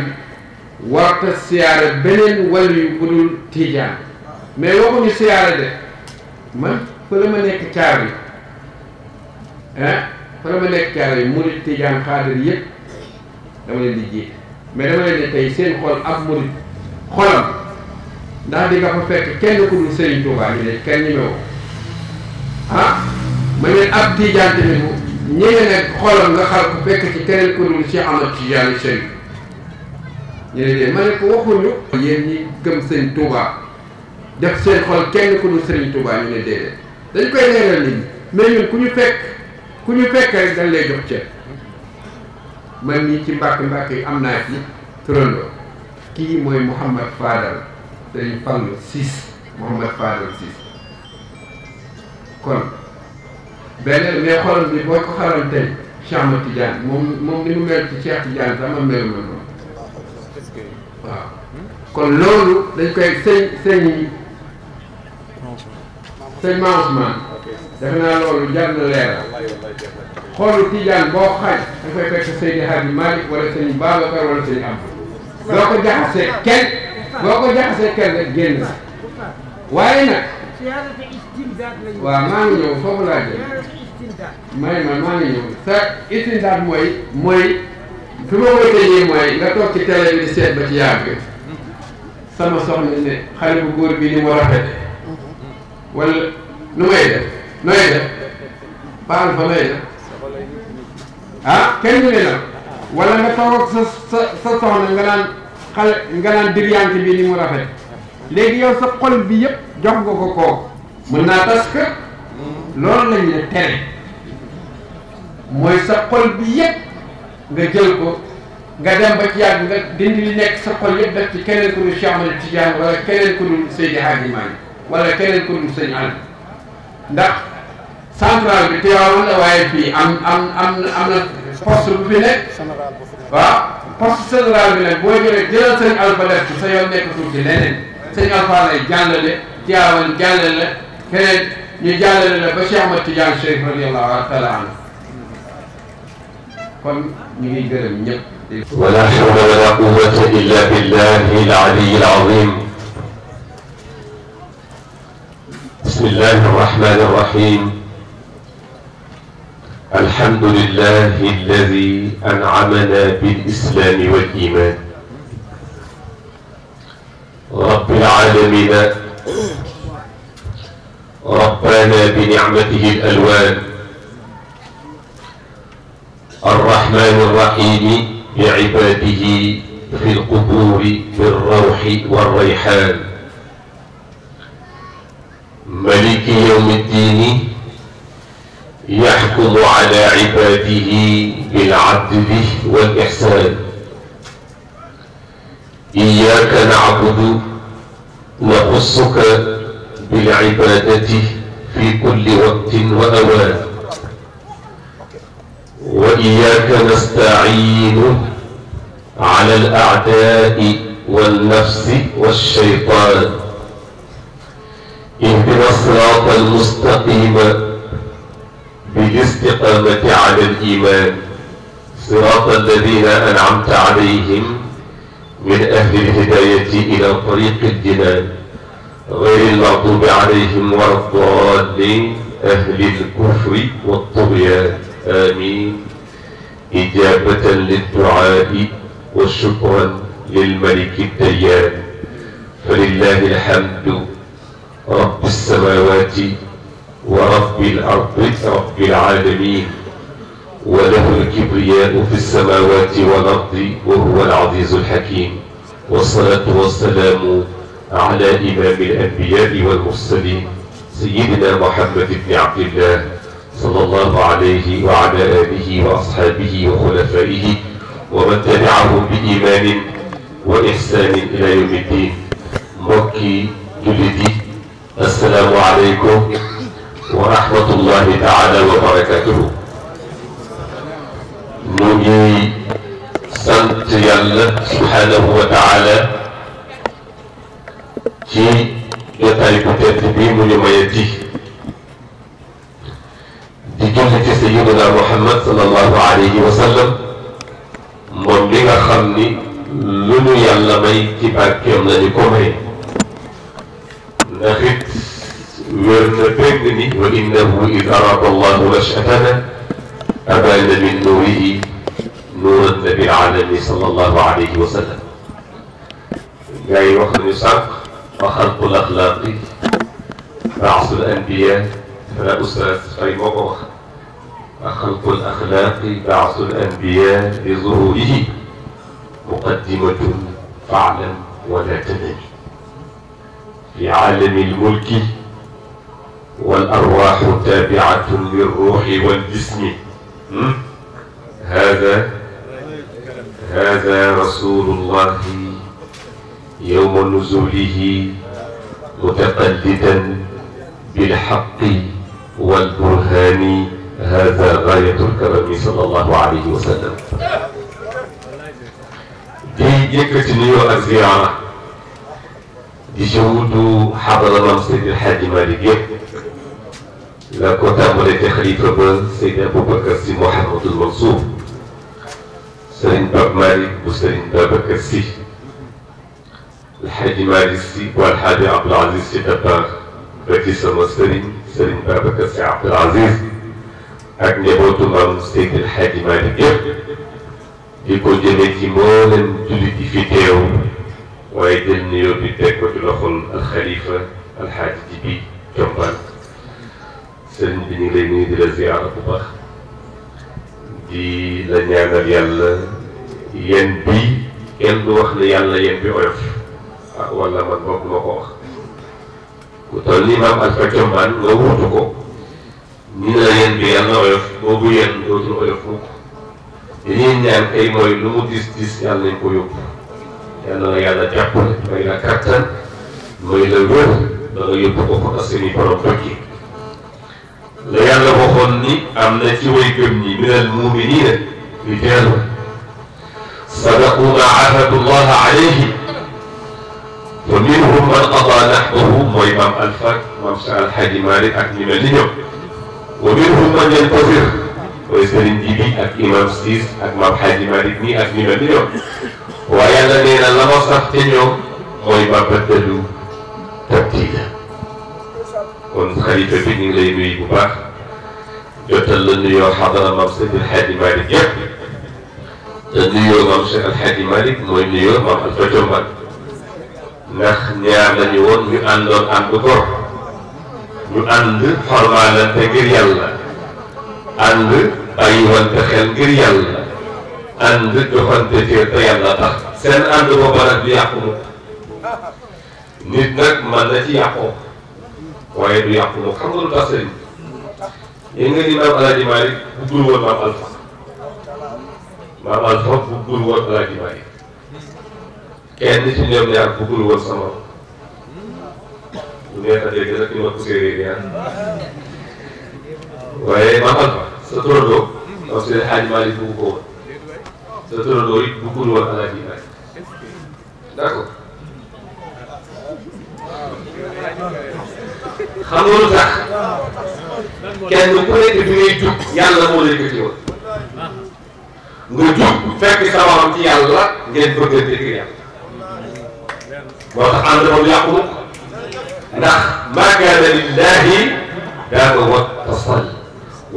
warta siyaare beneen wàll yu budul tiijaan mais waxuñu siyaare de man fa la ma nekk caar yi ah fa la ma nekk caar yi murit tiijaan xaadir yëpp dama leen di mais dama tey seen xol ab murit xolam ndax di fa fekk kenn ku dul Serigne Touba ñu ne kenn ñeme woo ah ma ne ab tijaan tamit ñeme ne xolam nga xal ko fekk ci ku dul Cheikh Ahmad dañ koy leeral nit ñi mais ku ñu fekk ku ñu fekk rek dañ lay jox ceeb. man mii ci mbàkk mbàkk am naa ci turandoo kii mooy Mouhamad Fadal dañu fàllu siis Mouhamad Fadal siis kon benn mais xoolal bi boo ko xaral tey Cheikh Ahmad Tidiane moom moom ni mu mel ci Cheikh Tidiane sax ma melu waaw kon loolu dañ koy sëñ sëñ yi sëñ Maousmane naa loolu jar na leeral xoolu tijaan boo xaaj da koy fekk Seydi Hadji Malick wala Sëriñ Babacar wala Sëriñ Am boo ko jaxasee kenn boo ko jaxasee kenn rek génn na waaye nag waaw maa ngi ñëw foofu laa jël may ma maa ngi ñëw sa istindaat mooy mooy fi ma ko tëjee mooy nga toog ci télé bi di seet ba ci yàgg sama soxna ne xale bu góor bi ni mu rafete wala nu may def nooy def baal fa may def ah kenn ñu ne wala nga toog sa sa sa soxna nga naan xale nga naan diriyante bi ni mu rafet léegi yow sa xol bi yëpp jox nga ko koo mën naa tas que loolu lañ ne tere mooy sa xol bi yëpp nga jël ko nga dem ba ci yàgg nga dindi li nekk sa xol yëpp def ci keneen ku dul Cheikh Ahmad Tidiane wala keneen ku dul Seydi Hadji Malick wala keneen ku dul Sëñ Aliou ndax central bi Tivaouane la waaye fi am am am am na poste bu fi nek wa poste central bi nek boy jere jëlal sëñ Alpha def sa yoon nekkatul ci lenen sëñ Alpha lay jàllale Tivaouane jàllale kene keneen ñu jàllale la ba Cheikh Ahmad Tidiane Chérif radiyallahu taala kon ñi ngi gërëm ñëpp. ولا حول ولا قوة إلا بالله العلي العظيم بسم الله الرحمن الرحيم الحمد لله الذي أنعمنا بالإسلام والإيمان رب العالمين ربنا بنعمته الألوان الرحمن الرحيم بعباده في القبور بالروح والريحان ملك يوم الدين يحكم على عباده بالعدل والإحسان إياك نعبد نخصك بالعبادة في كل وقت وأوان وإياك نستعين على الأعداء والنفس والشيطان اهدنا الصراط المستقيم بالاستقامة على الإيمان صراط الذين أنعمت عليهم من أهل الهداية إلى طريق الجنان غير المغضوب عليهم ولا الضالين أهل الكفر والطغيان آمين إجابة للدعاء وشكرا للملك الديان فلله الحمد رب السماوات ورب الأرض رب العالمين وله الكبرياء في السماوات والأرض وهو العزيز الحكيم والصلاة والسلام على إمام الأنبياء والمرسلين سيدنا محمد بن عبد الله صلى الله عليه وعلى آله وأصحابه وخلفائه ومن تبعهم بإيمان وإحسان إلى يوم الدين مكي جلدي السلام عليكم ورحمة الله تعالى وبركاته موجي سنت يلا سبحانه وتعالى جي يتعي كتابي من ما يتيه دي جلسة سيدنا محمد صلى الله عليه وسلم موجي خمني لنو يلا ما باكي من لكمه نخيط ويرتقبني وإنه إذا أراد الله نشأتنا أبان من نوره نور النبي العالمي صلى الله عليه وسلم جاي وقت يسعق وخلق الأخلاق رأس الأنبياء فلا أسرة في موقع وخلق الأخلاق بعث الأنبياء لظهوره مقدمة فاعلم ولا تدري في عالم الملك والأرواح تابعة للروح والجسم هذا هذا رسول الله يوم نزوله متقلدا بالحق والبرهان هذا غاية الكرم صلى الله عليه وسلم دي يكتنيو نيو الزيارة دي جهود حضر الله سيد الحاج مالك لا كنت أقول لك خليفة بن سيد أبو بكر سي محمد المنصور سيد باب مالك وسيد باب كسي الحاج مالسي والحاج عبد العزيز سي قطار بكي سما سرين سرين باب كسي عبد العزيز أكن يبوتو مام سيد الحاج مالك يقول جميتي مولن تلتي فيديو ويدل نيو بيتك وتلخل الخليفة الحاج تبي كمبانك sëriñ bi ñu lay nuyu di la ziyaara bu baax di la ñaanal yàlla yéen bi kenn du wax ne yàlla yéen bi oyof ah man bopp ma ko wax ku toll ni maam Alpha Thiombane nga wuutu ko ñu ne la bi yàlla oyof boobu yéen dootul oyof mukk dañuy ñaan kay mooy lu mu dis dis yàlla nañ ko yóbbu yàlla na yàlla jàppale may la kattan may la wér ba nga yóbbu ko ko ak seen i borom tokki la yàlla waxoon ni am na ci way gëm ñi min al muminina rijalu sadaqu ma ahadu llah alayhi wa minhum man qada nahbahu mooy maam alfak maam sa alxaji malik ak ñi mel ni ñoom wa minhum man yantasir mooy sëriñ jibi ak imam siis ak maam xaji malik nii ak ñi mel ni ñoom waaye yàlla nee na la ma sax ca ñoom mooy ma baddalu tabdila kon xalifa bi ñu ngi lay nuyu bu baax jotal la nuyoo xadara maam Seydi El Hadji Malick yëpp te nuyoo maam Cheikh El Hadji Malick mooy nuyoo maam Alfa Jombal ndax ñaar lañu woon ñu àndoon ànd gor ñu ànd xormaalante ngir yàlla ànd bàyyiwante xel ngir yàlla ànd joxante cër te yàlla tax seen ànd boobu nag du yàqu nit nag mën na ci yàqoo waaye du yàqu moom xam nga lu tax sëriñ yéen nga ni maam Alaaji Maalik bu dul woon maam Alpha maam Alpha bu dul woon Alaaji Maalik kenn ci ñoom ñaar bu dul woon sama lu neex a dégg nag ñu ma poussé réer ñaar ah. waaye maam Alpha sa turandoo parce que Alaaji Maalik bëgg ko woon sa turandoo it bu dul woon Alaaji Maalik d'accord xam nga tax kenn ku nekk bi jub yàlla moo la yëkkati woon nga jub fekk sa waram ci yàlla ngeen bëggante ngir yàlla moo tax ànd moom yàqu ndax maa kaana lillahi daaka wa tasal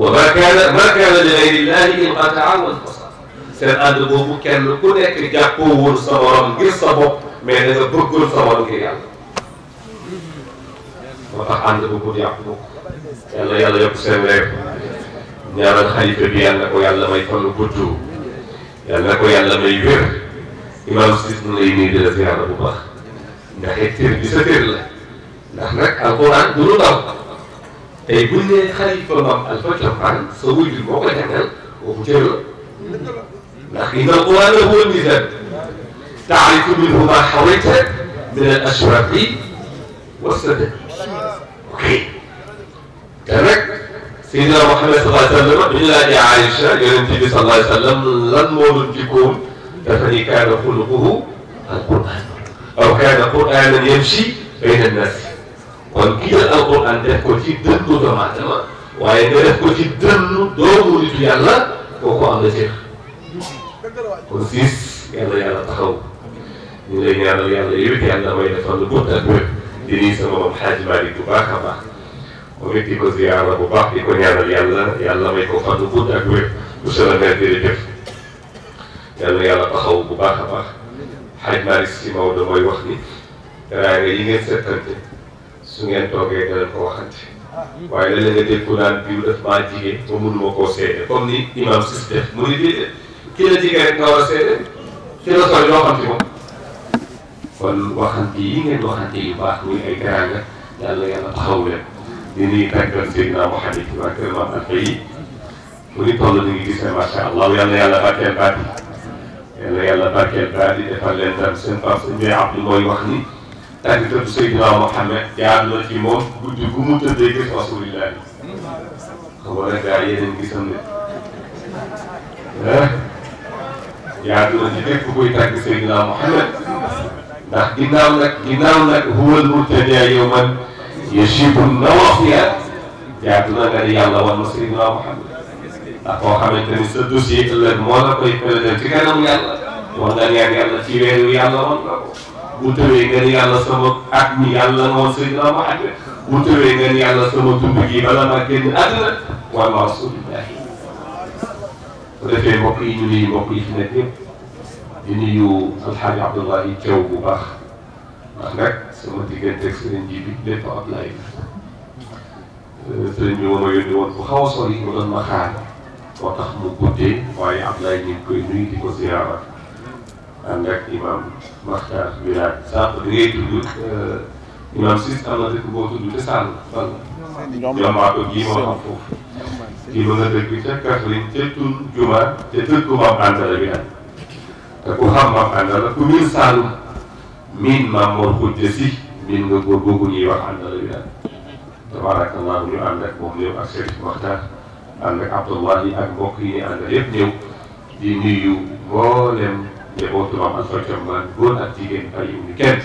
wa maa kaana maa kaana li gayrillahi inqataa wa tasal seen ànd boobu kenn ku nekk jàppoo woon sa waram ngir sa bopp mais da nga bëggoon sa waram ngir yàlla moo tax ànd bu ko yàqu yàlla yàlla yokk seen réew ñaanal xalifa bi yàlla ko yàlla may fan gudd yàlla ko yàlla may wér imaam sis mu lay nii di la ziyaara bu baax ndax it tër bi sa tër la ndax nag alquran du lu daw tey buñ ne xalifa maam alfa Jokalante sa wujur moo ko jàngal kooku cër la ndax inna alquran la huwa mizan taarifu minhu ma xawayta min al ashrafi wa sadaq rek Seydina Muhammad sallallahu alayhi wa sallam bi ñu laajee Aïcha yonent bi sallallahu alayhi wa sallam lan moo doon jikkoom dafa ni kaana xuluquhu alquran aw kaana quranan yamshi bayna annas kon ki jël alquran def ko ci dënnu doomu aadama waaye nga def ko ci dënnu doomu nitu yàlla kooku am na cër kon siis yàlla yàlla taxaw ñu lay ñaanal yàlla yëpp yàlla may defal lu gudd ak wér di nuyu sama mam xaaj Malick bu baax a moom it di ko ziyaara bu baax di ko ñaanal yàlla yàlla may ko fan gudd ak wér monsieur le maire jërëjëf yàlla yàlla taxaw bu baax a baax xaaj Malick si Maodo mooy wax ni teraanga yi ngeen settante su ngeen toogee danañ ko waxante waaye la nga dégg ku naan biw daf maa jigee ma mënuma koo seede comme ni imam sis mu ni déedéet kii la jigee nga war a seede kii la sori loo xam kon waxante yi ngeen waxante yu baax muy ay garanga yàlla na yàlla taxawu leen di nuyu tàggal Seydina Mouhamed ci waa kër Maam Anta yi fu ñu toll ñu ngi gis ne macha allah yal na yàlla barkeel baat yi yal na yàlla barkeel baat yi defal leen tam seen pap seen bay Abdou mooy wax ni tàggatu Seydina Mouhamed jaar na ci moom guddi gu mu tëddee gis rasulillah xam nga nag daal yeneen gisam ne ah eh? jaar na ci képp kuy tàgg Seydina Mouhamed ndax ginnaaw nag ginnaaw nag huwal murtadiya yawman yashibu nawafiya yaatu na nga ne yàlla wan na Seydina Muhammad ndax koo xamante ni sa dossier ëllëg moo la koy présenté ci kanam yàlla war nga ñaan yàlla ci weeru yàlla wan na ko bu tëwee nga ni yàlla sama at mi yàlla nga woon Seydina Muhammad bu tëwee nga ni yàlla sama dund gi bala ma génn àdduna wan ma rasulillahi bu defee mbokk yi ñu nuyu mbokk yi fi nekk yëpp إنيو الحاج عبد الله يتجو بخ مخلق سوى تيجي تكسرين دي بيت بيت بعد لايف تنيو ما يدوان بخاو صلي ولن مخال وتخمو كوتي واي عبد الله يمكن نيجي تكو زيارة عندك إمام مختار بلاد ساق ريت دوت إمام سيس كان لدي كبوت دوت سال فل يوم عطو جيما حفوف كيف نتكتك كفرين تتون جمع تتون جمع بانتر بلاد te ku xam maam ànda la ku miin Saalum miin maam Mor Khoudia si miin nga góor googu ñuy wax ànda la bi daal tabaarakallaahu ñu ànd ak moom ñëw ak Serigne Mokhtar ànd ak Abdoulahi ak mbokk yi ñuy àndal yëpp ñëw di nuyu mboolem njabootu maam Anta Diop maanaam góor ak jigéen bàyyiwuñu kenn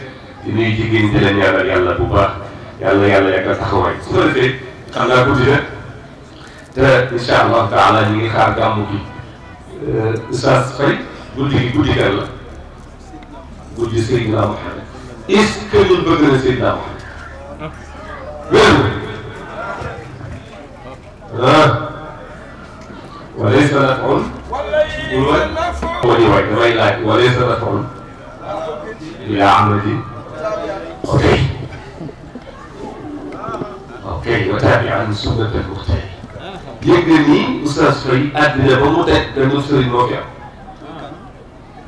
di nuyu jigéen ñi di leen ñaanal yàlla bu baax yàlla yàlla yàggal taxawaay su ko defee xam naa guddi na te incha allah taala ñu ngi xaar gàmmu gi euh, Oustaz Faye guddi gi guddi gan la guddi Seydina Muhammad est ce que ñun bëgg na Seydina Muhammad wér ah walaysa naf'un waay damay laaj walaysa naf'un yaa amati ok ok wa taabi an sunnata yëg na ni oustaz Faye àddina ba mu teg benn sëriñ moo fi am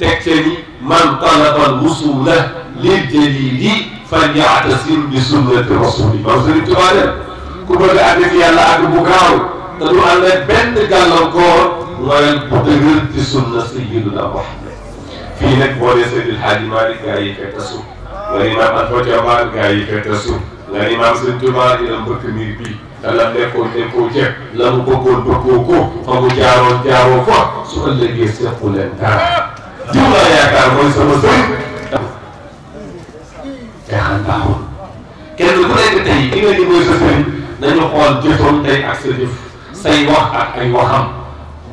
تكتني من طلب الوصول للدليل فليعتصم بسنة رسول الله صلى الله عليه وسلم كما قال في الله عبد بكاو تدعو أن بن قال القول ويل بدغل في سنة سيدنا محمد في نك ولي سيد الحاج مالك أي فتسو والإمام الفجع مالك أي فتسو والإمام سيد جمال إلى مبك ميربي ألم يكن يكون جب لم بكون بكوكو فمجارون جارو فا سؤال لي يستقل أنت diw laa yaakaar mooy sama sëriñ caaxaan baaxul kenn ku nekk tey ki nga ni mooy sa sëriñ nañu xool jëfoon tey ak sa jëf say wax ak ay waxam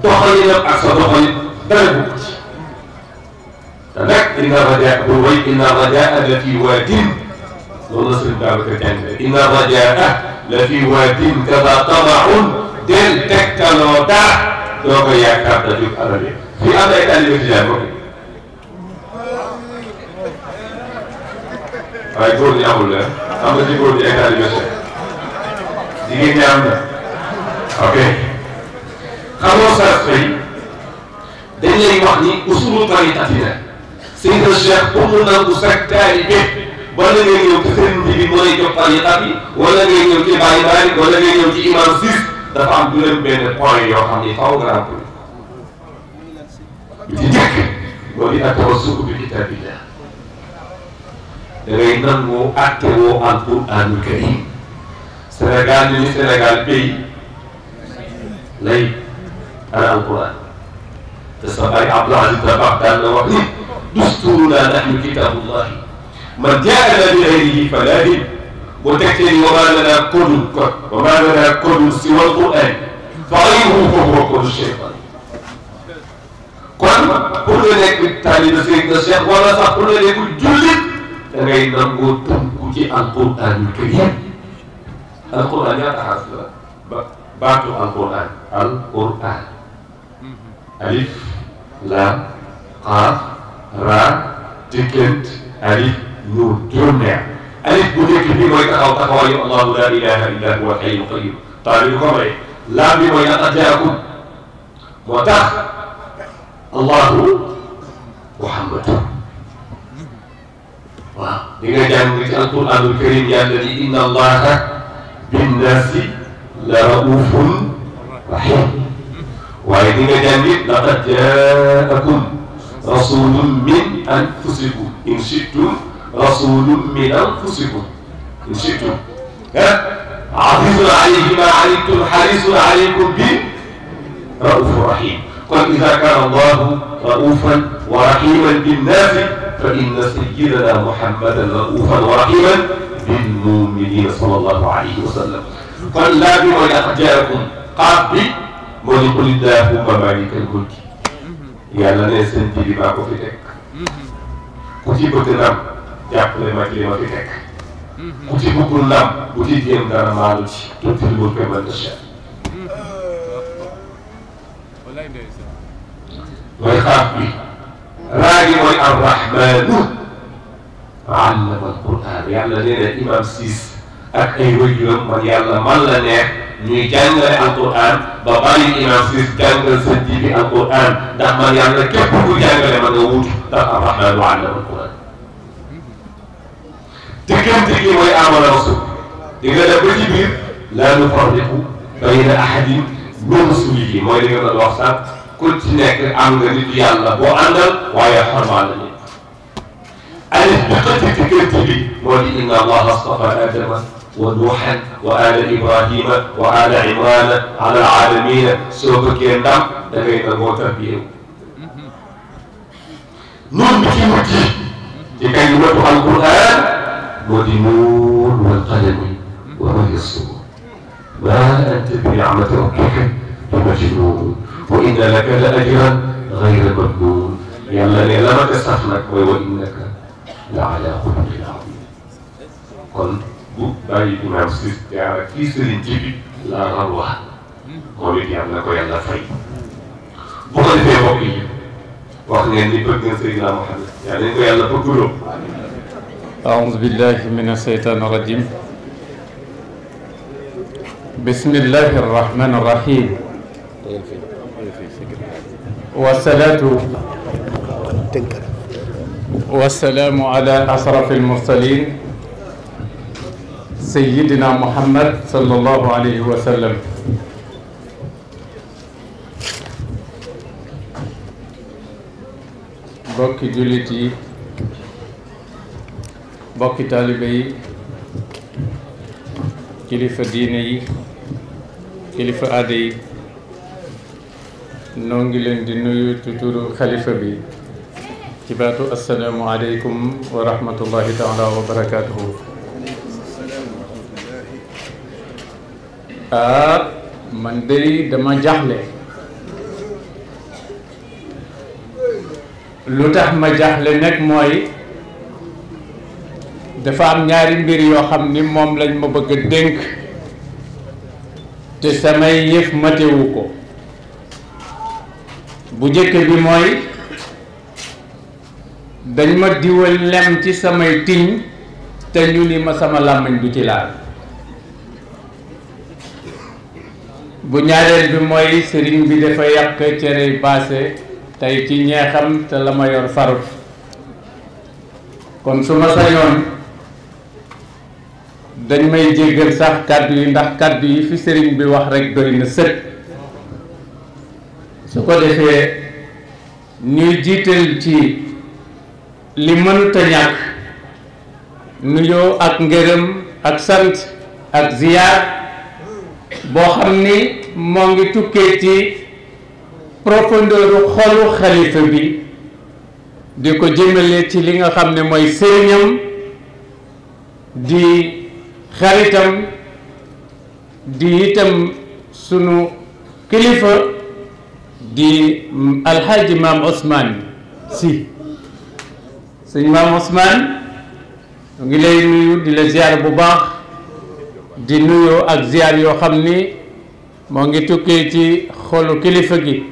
doxalinam ak sa doxalin dara bu ci te nag inna rajaa bu way inna rajaa la fi waadin loolu la sëriñ Babacar jàng inna rajaa la fi waadin kama tamaun del tegtaloo dara doo ko yaakaar te jub alal yi fii am ay taalibe waaye góor ñi amul la am na ci góor ñi état liberté jigéen ñi am na ok xam nga Oustaz Faye dañ lay wax ni usulu tarixatina Seydina Cheikh umb na ku sag taalibe wala ngay ñëw ci seen bi moo lay jox tariqat yi wala ngay ñëw ci bàyyi bàyyi wala ngay ñëw ci imam siis dafa am juróom benn point yoo xam ni faaw nga ràmp bi ci njëkk moo di ak tawassul bi kitabillah da ngay nangoo àtte woo alquraanul karim Sénégal ñu ni Sénégal pays lay ala alquran te sa bàyyi Abdou Aziz Dabakh daan na wax ni dusturuna nahnu kitaabullahi man jaa'ana bi ghayrihi falaa diin boo tegtee ni wa maa lanaa kodul kon wa maa lanaa kodul siwa alquran fa ghayruhu fa huwa kodu shaytan kon pour nga nekk taalibe Sëriñ Cheikh wala sax pour nga nekk jullit da ngay nangoo Al Qur'an alquran Al alquran ñaata xaraf la Al Qur'an Al mhm. Qur'an alif Lam qaaf Ra dikkent alif Nur juróom alif Budi nekk bi mooy taxaw taxawaayu allahu la ilaha illa huwa alxayu qayum taali bi ko may laam bi mooy laqad jaakum allahu muhammad waaw di nga jàng ci alquranul karim yàlla ni inna allaha binnaasi la raufun rahim waaye di nga jàng it laqad jaakum rasulun min anfusikum in shitum rasulun min anfusikum in shitum عزيز عليه ما علمتم حريص عليكم به رؤوف رحيم قل إذا كان الله رؤوفا ورحيما بالناس فإن سيدنا محمدا رؤوفا رحيما بالمؤمنين صلى الله عليه وسلم قال لا بما يحجاكم قابي ويقول اللهم مالك الملك يا لنا سنتي لما كفتك كتي بتنام جاكل ما كلي ما فتك كتي بكل نام كتي جيم دانا مالك كتي الملك من تشاء أه، ويخاف بي راجل الرحمن علم القران يعني لنا امام سيس اك اي وجه لما يلا مالا نيك ني جانغ القران باباي امام سيس جانغ سديبي القران دا ما يلا كيف كو جانغ لما نوت دا الرحمن علم القران تكن تكي وي امر رسول ديغا دا بجي بير لا نفرق بين احد من رسوله ما يلا دا واخا ku ci nekk am nga nit yàlla boo àndal waaye xamal ni alif bi xëcc ci kër gi bi moo di inna allaha astafa adama wa nuuxan wa ala ibrahima wa ala imrana ala alamina soo bëggee ndam da ngay nangoo tarbiyew nuun bi ci mujj ci kay watu alquran moo di nuun wal qalami wa ma yasuur ma anta bi ni'mati rabbika bi majnuun وإن لك لأجرا غير مكنون يا من لمك سحنك وإنك لعلى خلق العظيم كن باي مرسيس تيارا كيسر جيبي لا غروة قولي يا منك ويا الله فاي بغل في وقية وقل يندي بقنا سيدنا محمد يعني انك يا الله بقلو أعوذ بالله من الشيطان الرجيم بسم الله الرحمن الرحيم والصلاة والسلام على أشرف المرسلين سيدنا محمد صلى الله عليه وسلم بوكي جوليتي بوكي طالبي كليف ديني كليف آدي noo ngi leen di nuyu ci turu xalifa bi ci baatu assalaamu aleykum wa rahmatullahi wa barakaatuhu ah man day dama jaxle lu tax ma jaxle nag mooy dafa am ñaari mbir yoo xam ni moom lañ ma bëgg a dénk te samay yëf matewu ko bu jëkk bi mooy dañ ma diwal lem ci samay tiñ te ñu ni ma sama làmmiñ bu ci laal bu ñaareel bi mooy sëriñ bi dafa yàq cere baase tey ci ñeexam te la ma yor farut kon su ma sañoon dañ may jéggal sax kàddu yi ndax kàddu yi fi sëriñ bi wax rekk doy na sëkk su ko defee ñuy jiital ci li mënuta ñàkk nuyoo ak ngërëm ak sant ak ziyaar boo xam ni moo ngi tukkee ci profondeuru xolu xalifa bi di ko jëmale ci li nga xam ne mooy sëriñam di xaritam di itam sunu kilifa di mm, alxaaji maam Ousmane si sëñ maam Ousmane mu ngi lay nuyu di la ziar bu baax di nuyoo ak ziar yoo xam ni moo ngi tukkee ci xolu kilifa gi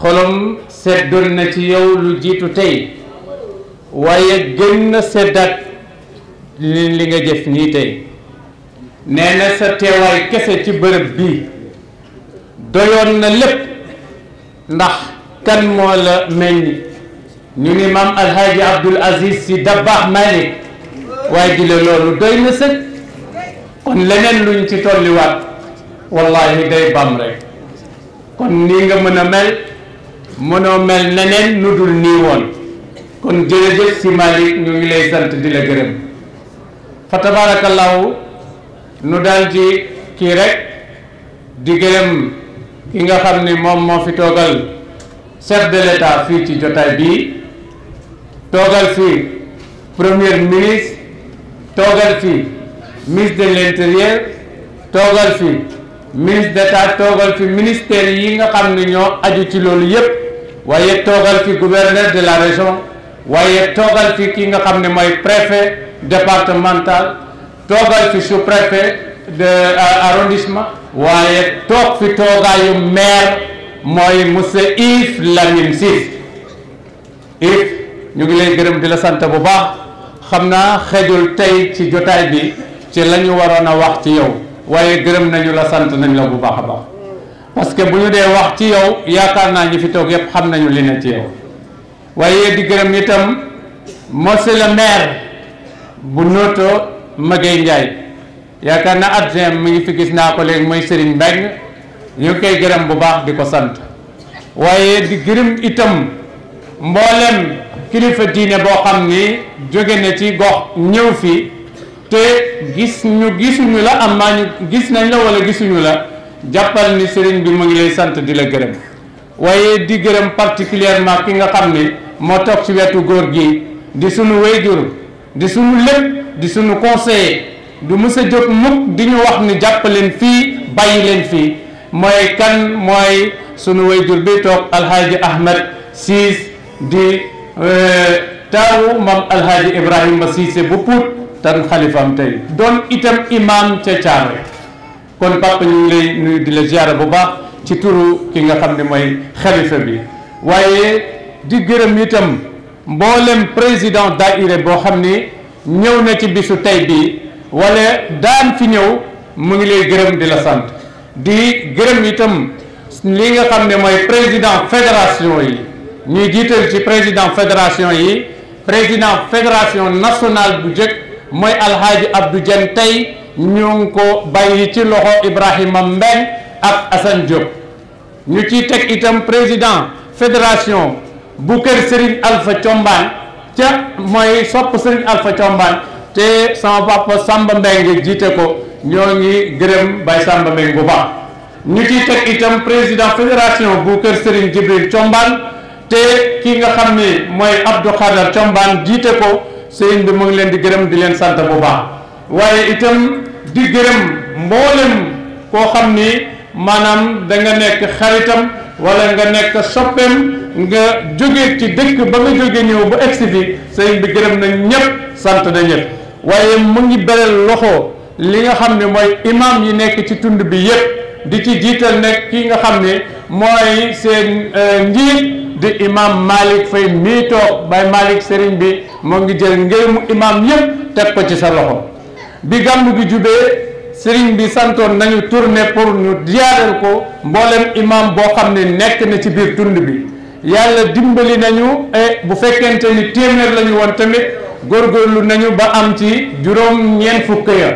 xolom seddoon na ci yow lu jiitu tey waaye gën na seddaat li li nga jëf nii tey nee na sa teewaay kese ci bërëb bi doyoon na lépp ndax kan moo la meññ ñu ni maam alhaaji abdul aziz si dabbaax malik waaye jile loolu doy na sëg kon leneen luñ ci tolliwaat wallahi day bam rek kon nii nga mën a mel mënoo mel neneen nu dul nii woon kon jërëjëf si malik ñu ngi lay sant di la gërëm fa tabarakallahu nu daal ci kii rek di gërëm ki nga xam ni moom moo fi toogal chef de l'État fii ci jotaay bi toogal fi premier ministre toogal fi ministre de l'intérieur toogal fi ministre d'État toogal fi ministère yi nga xam ne ñoo aju ci loolu yépp waaye toogal fi gouverneur de la région waaye toogal fi ki nga xam ne mooy préfet départemental toogal fi sous-préfet de euh, arrondissement waaye toog fi toogaayu maire mooy monsieur Yves Lamine Cissé Yves ñu ngi lay gërëm di la sant bu baax xam naa xejul tey ci jotaay bi ci la waroon a wax ci yow waaye gërëm nañu la sant nañ la bu baax a baax parce que bu ñu dee wax ci yow yaakaar naa ñi fi toog yépp xam nañu li ne ci yow waaye di gërëm itam monsieur la maire bu Notto Magueye Ndiaye yaakaar na adjoint mi ngi fi gis naa ko léegi mooy Serigne Mbengue ñu ngi koy gërëm bu baax di ko sant waaye di gërëm itam mboolem kilifa diine boo xam ni jóge na ci gox ñëw fi te gis ñu gisuñu la am maa ñu gis nañ la wala gisuñu la jàppal ni sëriñ bi mu ngi lay sant di la gërëm waaye di gërëm particulièrement ki nga xam ni moo toog ci wetu góor gi di sunu wayjur di sunu lépp di sunu conseiller du mës a jóg mukk di ñu wax ni jàpp leen fii bàyyi leen fii mooy kan mooy sunu wayjur bi toog alhaaji ahmed siis di euh, taawu mam ibrahim ma siise bu puut tan xalifaam tey doon itam imam ca caare kon papa ñu ngi lay di la ziara bu baax ci turu ki nga xam ne mooy xalifa bi waaye di gërëm itam mboolem président daaire boo xam ni ñëw na ci bisu tey bi wala daan fi ñëw mu ngi lay gërëm di la sant di gërëm itam li nga xam ne mooy président fédération yi ñuy jiital ci président fédération yi président fédération nationale bu jëkk mooy alhaaji Abdou Dieng tey ñu ngi ko bàyyi ci loxo Ibrahima Mbeng ak assan Diop ñu ci teg itam président fédération bu kër Serigne Alpha Thiombane ca mooy sopp Serigne Alpha Thiombane te sama papa Samba Mbengue jiite ko ñoo ngi gërëm bay Samba Mbengue bu baax ñu ciy teg itam président fédération bu kër sëriñ Jibril Thiombane te ki nga xam ni mooy Abdou Khadar Thiombane jiite ko sëriñ bi mu ngi leen di gërëm di leen sant bu baax waaye itam di gërëm mboolem koo xam ni maanaam danga nga nekk xaritam wala nga nekk soppeem nga jóge ci dëkk ba nga jóge ñëw ba egsi fi sëriñ bi gërëm na ñëpp sant na ñëpp waaye mu ngi beral loxo li nga xam ne mooy imam yi nekk ci tund bi yëpp di ci jiital nekk ki nga xam ne mooy seen euh, njiit di imam Malick Faye mii toog bay Malick Serigne bi moo ngi jël ngërëmu imam yépp teg ko ci sa loxo bi gàmmu gi jubee Serigne bi santoon nañu tourner pour ñu jaaral ko mboolem imam boo xam ne nekk na ci biir tund bi yàlla dimbali nañu eh, bu fekkente ni téeméer la woon tamit góor góorlu nañu ba am ci juróom ñeent fukk ya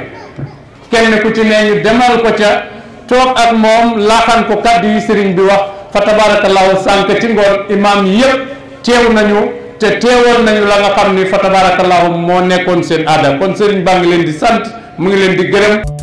kenn ku ci ne ñu demal ko ca toog ak moom laaxan ko kàddu yi sëriñ bi wax fa tabarakallahu sànq ci ngoon imaam yëpp teew nañu te teewoon nañu la nga xam ni fa tabarakallahu moo nekkoon seen aada kon sëriñ baa ngi leen di sant mu ngi leen di gërëm